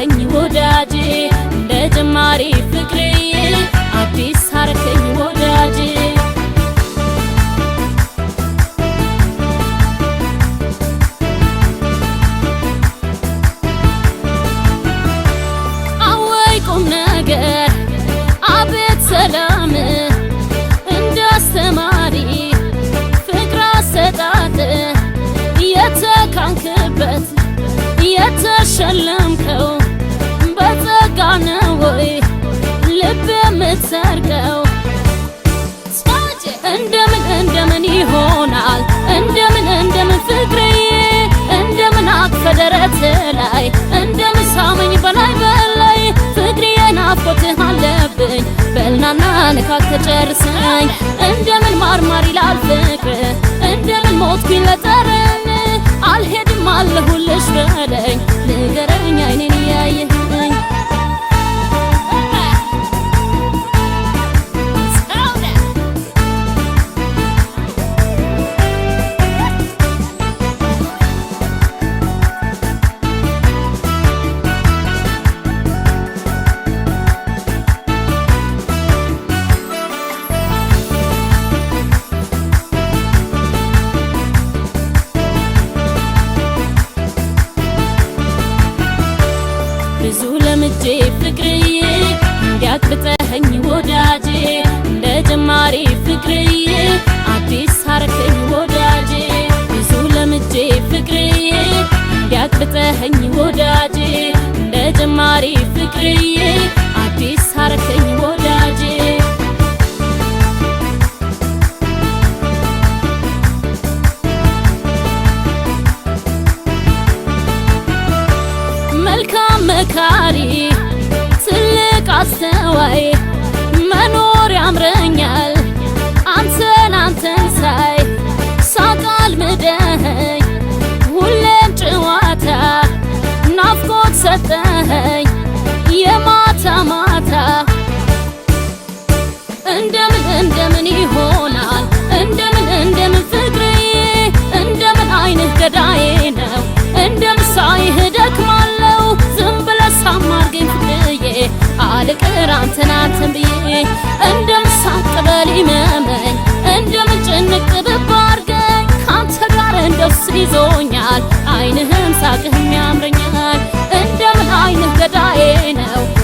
አረከኝ ወዳጅ እንደ ጀማሪ ፍቅሬ አዲስ አረከኝ ወዳጄ አወይ ቁም ነገር አቤት ሰላም እንዳስተማሪ ፍቅር አሰጣጥ የተካንክበት የተሸለም የምትሰርቀው እንደምን እንደምን ይሆናል እንደምን እንደምን ፍቅርዬ እንደምን አቅፈ ደረት ላይ እንደምን ሳመኝ በላይ በላይ ፍቅሬ ናፍቆትህ አለብኝ በልናና ንካት ተጨርሰኝ እንደምን ማርማር ይላል ፍቅር እንደምን ሞትኩኝ ለጠረን አልሄድም አለሁልሽ በለኝ ፍቅሬ አዲስ ሳርክኝ ወዳጄ ብዙ ለምጄ እንደ ጀማሪ ፍቅሬ አዲስ ሳርክኝ ወዳጄ መልካም መካሪ ትልቅ አስተዋይ መኖር ያምረኛል ልቅር አንተን አንተን ብዬ እንደምሳቅ በል መመኝ እንደምጨነቅ ብብ አድርገኝ ጋር እንደው ይዞኛል አይንህም ሳቅህም ያምረኛል እንደምን አይንህ ገዳዬ ነው